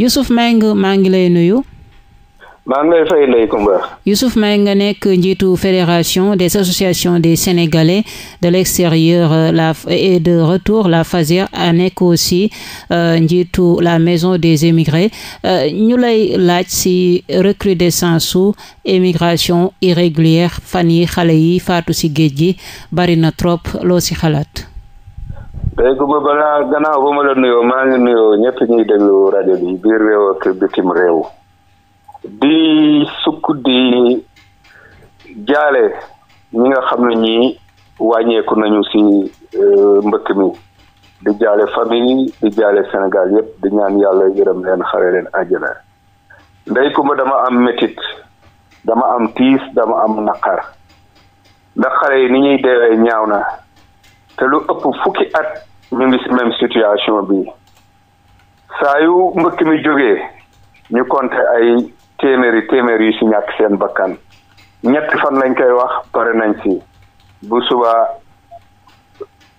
Youssouf Mbengue maa ngi lay nuyu. maa ngi lay nga nekk njiitu fédération des associations des sénégalais de l'extérieur euh, la et de retour la FASER a nekk aussi euh, njiitu la maison des émigrés euh, ñu lay laaj ci recrudescence su émigration irrégulière fan yi xale yi faatu ci géej gi bari na trop loo ci xalaat. tey eh, ku ba balaa gannaaw ba ma la nuyoo maa ngi nuyoo ñëpp ñuy déglu rajo bi biir réew ak bitim réew di sukk di jaale ñi nga xam ne ñii wàññeeku nañu ci eh, mbëkk mi di jaale famille di jaale Sénégal yëpp di ñaan yàlla yërëm leen xare leen àjjana ndey kumba dama am métit dama am tiis dama am naqar ndax xale yi ni ñuy deewee ñaaw na te lu ëpp fukki at ñu ngi ci même situation bi saayu mbëkk mi jógee ñu compter ay téeméeri téeméer yu ci ñàkk seen bakkan ñetti fan lañ koy wax pare nañ si bu suba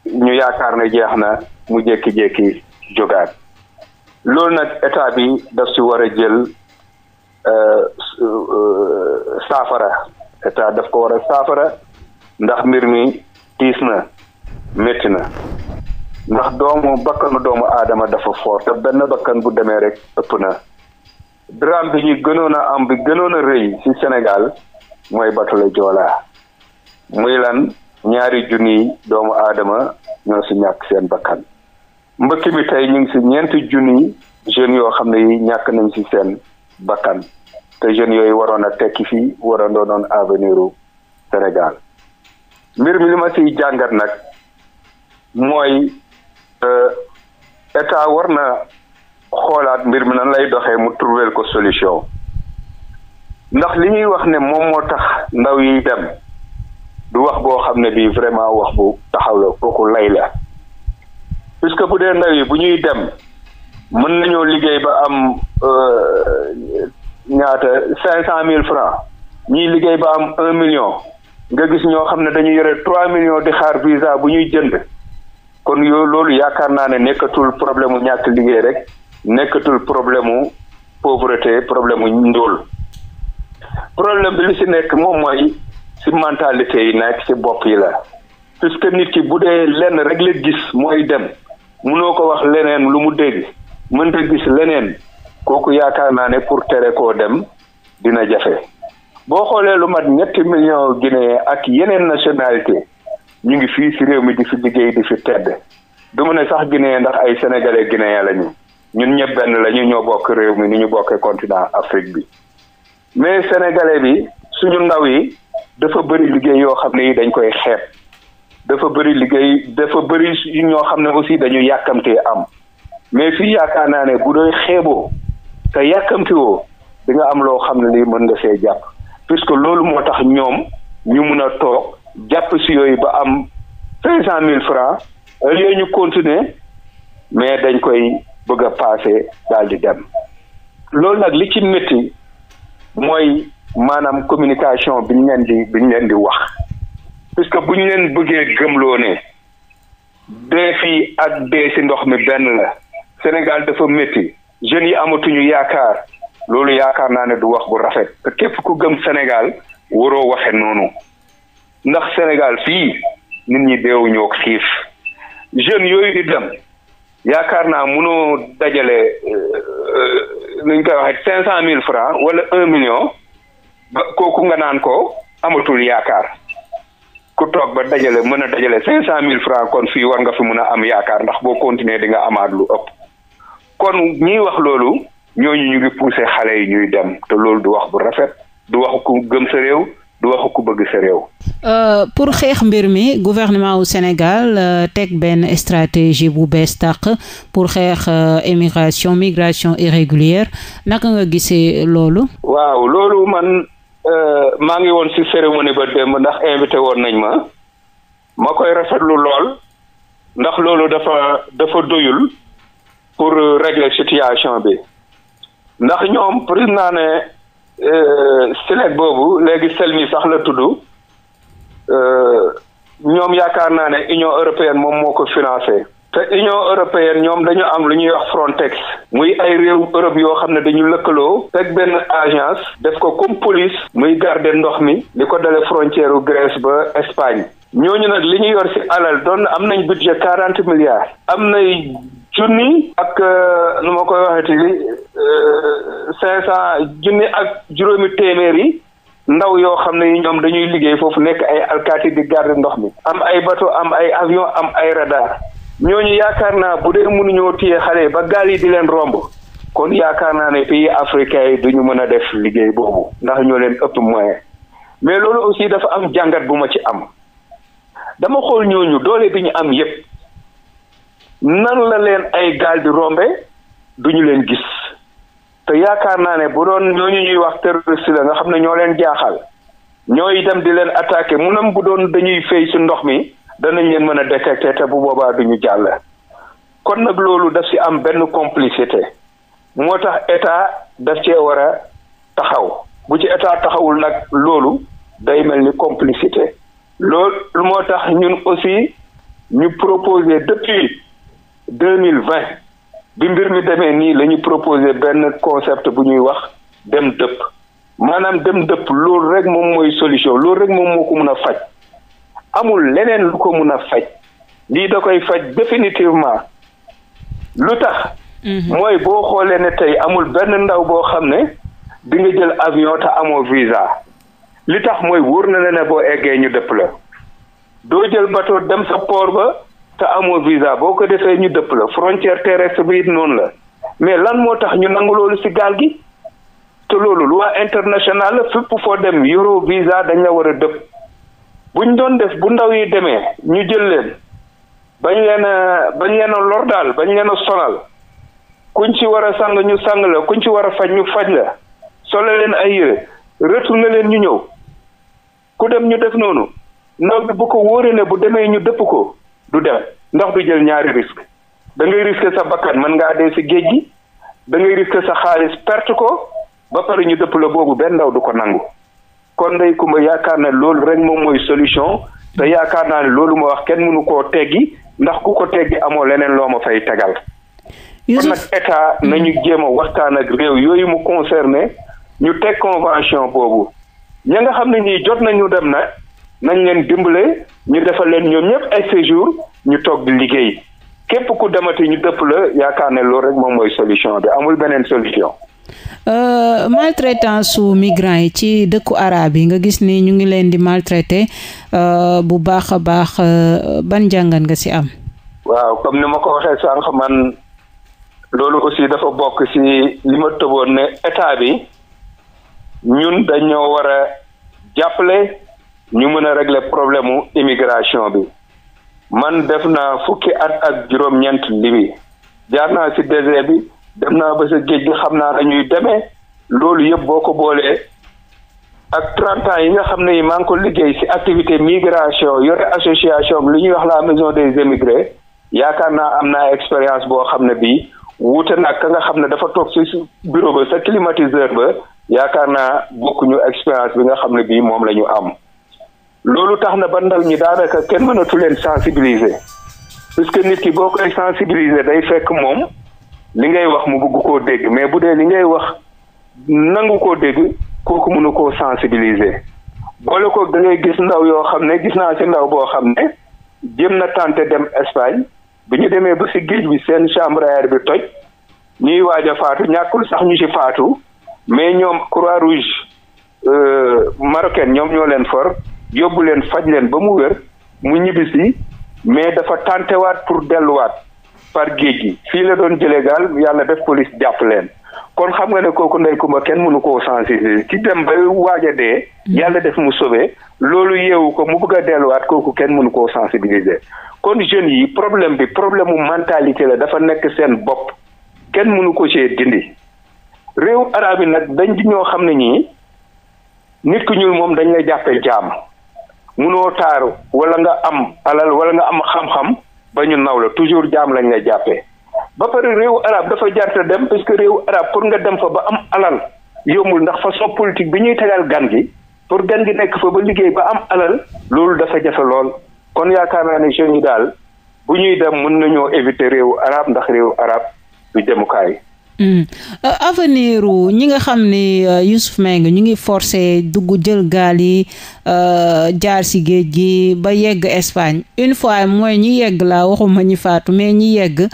ñu yaakaar ne jeex na mu jékki-jékki jógaat loolu nag état bi daf ci war a jël euh, euh, saafara état daf ko war a saafara ndax mbir mi tiis na métti na ndax doomu bakkanu doomu aadama dafa foor te benn bakkan bu demee rek ëpp na drame bi ñu gënoon a am bi gënoon a rëy ci Sénégal mooy batale Joola muy lan ñaari junni doomu aadama ñoo ci ñàkk seen bakkan mbëkk bi tey ñu ngi ci ñeenti junni jeunes yoo xam ne yi ñàkk nañ ci seen bakkan te jeunes yooyu waroon a tekki fi waroon doonoon avenir u Sénégal mbir mi li ciy jàngat nag mooy Euh, état war na xoolaat mbir mi nan lay doxee mu trouver ko solution ndax li ñuy wax ne moom moo tax ndaw yiy dem du wax boo xam ne bii vraiment wax bu taxaw la kooku lay la puisque bu dee ndaw yi bu ñuy dem mën nañoo liggéey ba am euh, ñaata cinq cent mille francs ñiy liggéey ba am un million nga gis ñoo xam ne dañu yore trois millions di xaar visa bu ñuy jënd kon yoo loolu yaakaar naa ne nekkatul problème mu ñàkk liggéey rek nekkatul problème mu pauvreté problème mu ndóol problème bi lu si nekk moom mooy si mentalité yi nekk si bopp yi la que nit ki bu dee lenn rek la gis mooy dem mënoo ko wax leneen lu mu dégg mënta gis leneen kooku yaakaar naa ne pour tere koo dem dina jafe boo xoolee lu mat ñetti million Guinéen ak yeneen nationalité ñu ngi fii si réew mi di fi liggéey di fi tedd du mu ne sax Guinée ndax ay sénégalais guinéen lañu ñun ñëpp benn lañu ñoo bokk réew mi ni ñu bokkee continent Afrique bi mais sénégalais bi suñu ndaw yi dafa bëri liggéey yoo xam ne yi dañ koy xeeb dafa bëri liggéey dafa bëri ñoo xam ne aussi dañu yàkkamtee am mais fii yaakaar naa ne bu doy xeeboo te yàkkamtiwoo di nga am loo xam ne lii mën nga see jàpp puisque loolu moo tax ñoom ñu mun a toog jàpp si yooyu ba am cinq cent mille francs yooyu ñu continuer mais dañ koy bëgg a passé daal di dem loolu nag li ci métti mooy maanaam communication bi ñu leen di bi ñu leen di wax puisque bu ñu leen bëggee gëmloo ne dee fii ak dee si ndox mi benn la Sénégal dafa métti jeunes yi amatuñu yaakaar loolu yaakaar naa ne du wax bu rafet te képp ku gëm Sénégal waroo waxe noonu ndax Sénégal fii nit ñi deewuñu ak xiif jeunes yooyu di dem yaakaar naa mënoo dajale euh, nuñ koy waxee cinq cent mille francs wala un million ba kooku nga naan ko amatul yaakaar ku toog ba dajale mën a dajale cinq cent mille francs kon fii war nga fi mën a am yaakaar ndax boo continuer di nga amaat lu ëpp kon ñiy wax loolu ñooñu ñu ngi pousser xale yi ñuy dem te loolu du wax bu rafet du wax ku gëm sa réew du waxu ku bëgg sa euh, pour xeex mbir mi gouvernement wu Sénégal euh, teg benn stratégie bu bees tàq pour xeex euh, émigration migration irrégulière naka nga gisee loolu. waaw loolu man maa ngi woon ci cérémonie ba démb ndax invité woon nañ ma ma koy rafetlu lool ndax loolu dafa dafa doyul pour régler situation bi ndax ñoom pris naa ne. Euh, SILEC boobu léegi selmi sax la tudd euh, ñoom yaakaar naa ne Union européenne moom moo ko financé te Union européenne ñoom dañu am lu ñuy wax Frontex muy ay réew Europe yoo xam ne dañu lëkkaloo teg benn agence def ko comme police muy garder ndox mi li ko dale frontière u ba Espagne ñooñu nag li ñu yor ci alal doon am nañ budget quarante milliards am nay junni ak euh, nu ma koy waxeeti li euh, cinq cent junni ak juróomi téeméeri ndaw yoo xam ne yi ñoom dañuy liggéey foofu nekk ay alkaati di garde ndox mi am ay bateau am ay avion am ay radar ñooñu yaakaar naa bu dee mënuñoo téye xale yi ba gaal yi di leen romb kon yaakaar naa ne pays africain yi duñu mën a def liggéey boobu ndax ñoo leen ëpp moyen mais loolu aussi dafa am jàngat bu ma ci am dama xool ñooñu doole bi ñu am yépp nan la leen ay gaal di rombe duñu leen gis te yaakaar naa ne bu doon ñooñu ñuy wax terroriste la nga xam ne ñoo leen jaaxal ñooy dem di leen attaqué munam bu doon dañuy fay si ndox mi danañ leen mën a détecté te bu boobaa du ñu jàll kon nag loolu daf ci am benn complicité moo tax état daf cee war a taxaw bu ci état taxawul nag loolu day mel ni complicité lu moo tax ñun aussi ñu proposé depuis deux mille vingt bi mbir mi demee nii la ñu proposé benn concept bu ñuy wax dem dëpp maanaam dem dëpp loolu rek moom mooy solution loolu rek moom moo ko mun a faj amul leneen lu ko mun a faj lii da koy faj définitivement lu tax. Mhm. mooy boo xoolee ne tey amul benn ndaw boo xam ne di nga jël avion amoo visa li tax mooy wóor na la ne boo eggee ñu dëpp la doo jël bateau dem sa port ba. te amoo visa boo ko defee ñu dëpp la frontière terrestre bi it noonu la mais lan moo tax ñu nangu loolu ci gaal gi te loolu loi international la fépp foo dem yoroo visa dañ la war a dëpp buñ doon def bu ndaw yi demee ñu jël leen bañ leen bañ leen a lor daal bañ leen a sonal kuñ ci war a sang ñu sang la kuñ ci war a faj ñu faj la sole leen ay yére leen ñu ñëw ku dem ñu def noonu ndaw bi bu ko wóoree ne bu demee ñu dëpp ko du dem ndax du jël ñaari risque da ngay risque sa bakkan mën ngaa dee si géej gi dangay ngay sa xaalis perte ko ba pare ñu dëpp la boobu benn ndaw du ko nangu kon ndey kumba yaakaar na loolu rek moom mooy solution te yaakaar naa ne loolu ma wax kenn mënu koo teggi ndax ku ko teggi amoo leneen loo ma fay tegal kon nag état nañu mm. jéem a waxtaan ak réew yooyu mu concerné ñu teg convention boobu ña nga xam ne ñii jot nañu dem nag nañ leen dimbale ñu defal leen ñoom ñëpp ay séjour ñu toog di liggéey képp ku demati ñu dëpp la yaakaar ne loolu rek moom mooy solution bi amul beneen solution. Euh, maltraitance su migrants yi ci dëkku arabe yi nga gis ni ñu ngi leen di maltraité euh, bu baax a baax euh, ban jàngat nga ci am. waaw comme ni ma ko waxee sànq man loolu aussi dafa bokk ci li ma tëboon ne état bi ñun dañoo war a jàppale ñu mën a régler problème mu immigration bi man def naa fukki at ak juróom-ñeent libi jaar naa ci désert bi dem naa ba sa géej gi xam naa dañuy demee loolu yëpp boo ko boolee ak trente yi nga xam ne yi maa ngi ko liggéey ci activité migration yore association li ñuy wax la maison des émigrés yaakaar naa am naa expérience boo xam ne bii wuute nag ka nga xam ne dafa toog ci bureau ba sa climatiseur ba yaakaar naa bokkuñu expérience bi nga xam ne bii moom la ñu am loolu tax na ba ndaw ñi daanaka kenn mënatu leen sensibiliser que nit ki boo koy sensibiliser day fekk moom li ngay wax mu bëgg koo dégg mais bu dee li ngay wax nangu ko dégg kooku mënu koo sensibiliser boole ko da ngay gis ndaw yoo xam ne gis naa si ndaw boo xam ne jëm na tenter dem Espagne bi ñu demee ba ci géej bi seen chambre à bi toj ñuy waaj a faatu ñàkkul sax ñu ci faatu mais ñoom Croix-Rouge euh, marocaine ñoom ñoo leen for yóbbu leen faj leen ba mu wér mu ñibbisi mais dafa tàntewaat pour delluwaat par géej gi fii la doon jëlee gaal yàlla def police jàpp leen kon xam nga ne kooku ndey kumba kenn mënu koo sensibiliser ci dem ba waaj a dee mm. yàlla def mu sauvé loolu yeewu ko mu bëgg a delluwaat kooku kenn mënu koo sensibiliser kon jeunes yi problème bi problème mu mentalité la dafa nekk seen bopp kenn mënu ko cee dindi réew arab yi nag dañ di ñoo xam ne ñii nit ku ñuul moom dañ lay jàppee jaam munoo taaru wala nga am alal wala nga am xam-xam ba ñu naw la toujours jaam lañ lay jàppee ba pare réew arab dafa jarta dem parce que réewu arab pour nga dem fa ba am alal yombul ndax façon politique bi ñuy tegal gan gi pour gan gi nekk fa ba liggéey ba am alal loolu dafa jafe lool kon yaakaar naa ne jeunes yi daal bu ñuy dem mun mën nañoo éviter réewu arab ndax réewu arab du demukaay Hmm. Euh, avenir u ñi nga xam ni euh, Youssouf nga ñu ngi forcé dugg jël gaal yi euh, jaar si géej gi ba yegg Espagne une fois mooy ñi yegg laa waxuma ñi faatu mais ñi yegg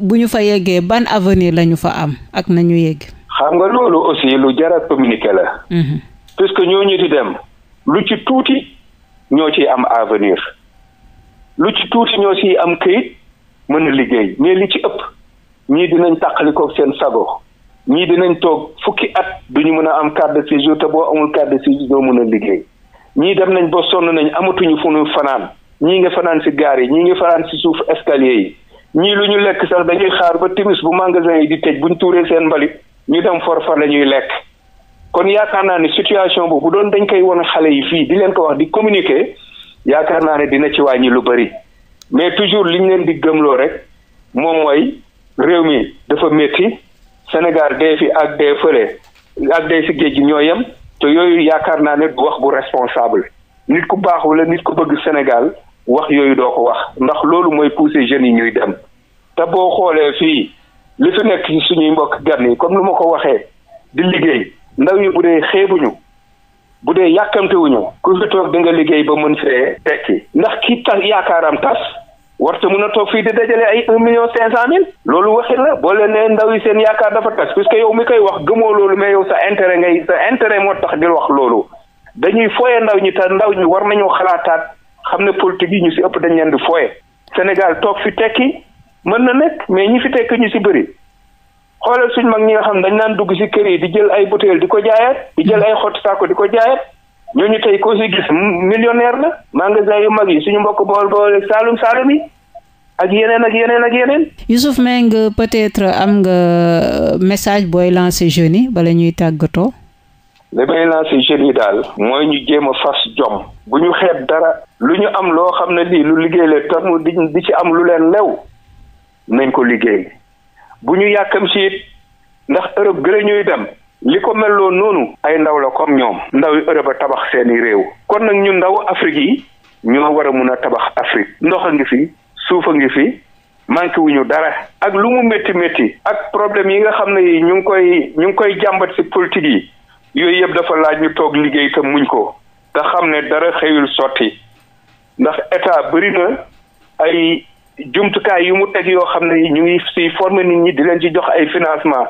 bu ñu fa yeggee ban avenir lañu fa am ak nañu yegg xam nga loolu aussi lu jar a la hmm. puisque ñooñu di dem lu ci tuuti ñoo ci am avenir lu ci tuuti ñoo ciy am këyit mën a liggéey mais li ci ëpp ñii dinañ tàqalikoog seen sago ñii dinañ toog fukki at duñu mën a am carte de séjour te boo amul carte de séjour doo mën a liggéey ñii dem nañ ba sonn nañ amatuñu fu ñu fanaan ñii nga fanaan si gaar yi ñii ngi fanaan si suuf escalier yi ñii lu ñu lekk sax dañuy xaar ba timis bu magasin yi di tëj buñ tuuree seen mbalit ñu dem forfa la ñuy lekk kon yaakaar naa ne situation boobu bu doon dañ koy won xale yi fii di leen ko wax di communiquer yaakaar naa ne dina ci wàññi lu bëri mais toujours liñ leen di gëmloo rek moom mooy réew mi dafa métti Sénégal dee fi ak dee fële ak dee si géej gi ñoo yem te yooyu yaakaar naa ne du wax bu responsable nit ku baax wala nit ku bëgg Sénégal wax yooyu doo ko wax ndax loolu mooy pousser jeunes yi ñuy dem te boo xoolee fii li fi nekk suñuy mbokk gan yi comme nu ma ko waxee di liggéey ndaw yi bu dee xeebuñu bu dee yàkkamtewuñu ku fi toog da nga liggéey ba mën fee tekki ndax ki tax yaakaaram tas warta mën a toog fii di dajale ay un million cinq cent mille loolu waxin la boo leen ndaw yi seen yaakaar dafa tas puisque yow mi koy wax gëmoo loolu mais yow sa intérêt ngay sa intérêt moo tax di wax loolu dañuy fooye ndaw ñi te ndaw ñi war nañoo xalaataat xam ne politique yi ñu si ëpp dañ leen di fooye Sénégal toog fi tekki mën na nekk mais ñi fi tekki ñu si bëri xoolal suñ mag ñi nga xam dañ naan dugg si kër yi di jël ay butéel di ko jaayaat di jël ay xottu saako di ko jaayaat ñooñu tey koo ci gis millionaire la magasin yu mag yi suñu mbokk bool boole Saalum Saalum yi ak yeneen ak yeneen ak yeneen. Youssouf Mbengue peut-être am nga euh, message booy lancer jeunes yi bala ñuy tàggatoo. li may lancer jeunes yi daal. mooy ñu jéem a fas jom. bu ñu xeeb dara. lu ñu am loo xam ne lii lu liggéey la te mu di ci am lu leen lew nañ ko liggéey bu ñu yàkkam si ndax Europe gën ñuy dem. li ko melloo noonu ay ndaw la comme ñoom ndaw yi Europe a tabax seeni réew kon nag ñu ndaw Afrique yi ñoo war a mun a tabax Afrique ndox a ngi fi suuf a ngi fi manqué wuñu dara ak lu mu métti métti ak problème yi nga xam ne yi ñu ngi koy ñu ngi koy jàmbat ci politique yi yooyu yëpp dafa laaj ñu toog liggéey te muñ ko te xam ne dara xëyul sotti ndax état bëri na ay jumtukaay yu mu teg yoo xam ne ñu ngi siy former nit ñi di leen ci jox ay financement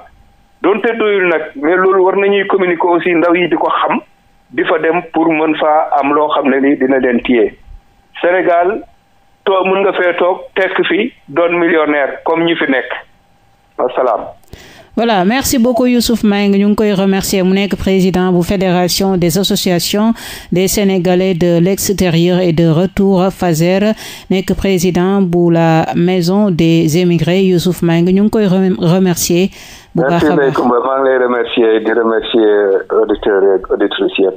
donte doyul nag mais loolu war nañuy communiquer aussi ndaw yi di ko xam di fa dem pour mën faa am loo xam ne ni dina leen téye Sénégal too mën nga fee toog tekk fi doon millionnaire comme ñi fi nekk wasalaam voilà merci beaucoup Youssouf Mbengue ñu ngi koy remercier mu nekk président bu fédération des associations des sénégalais de l'extérieur et de retour FASER nekk président bu la maison des émigrés Youssouf Mbengue ñu ngi koy remercier bu baax a baax merci euh, auditeurs et auditrices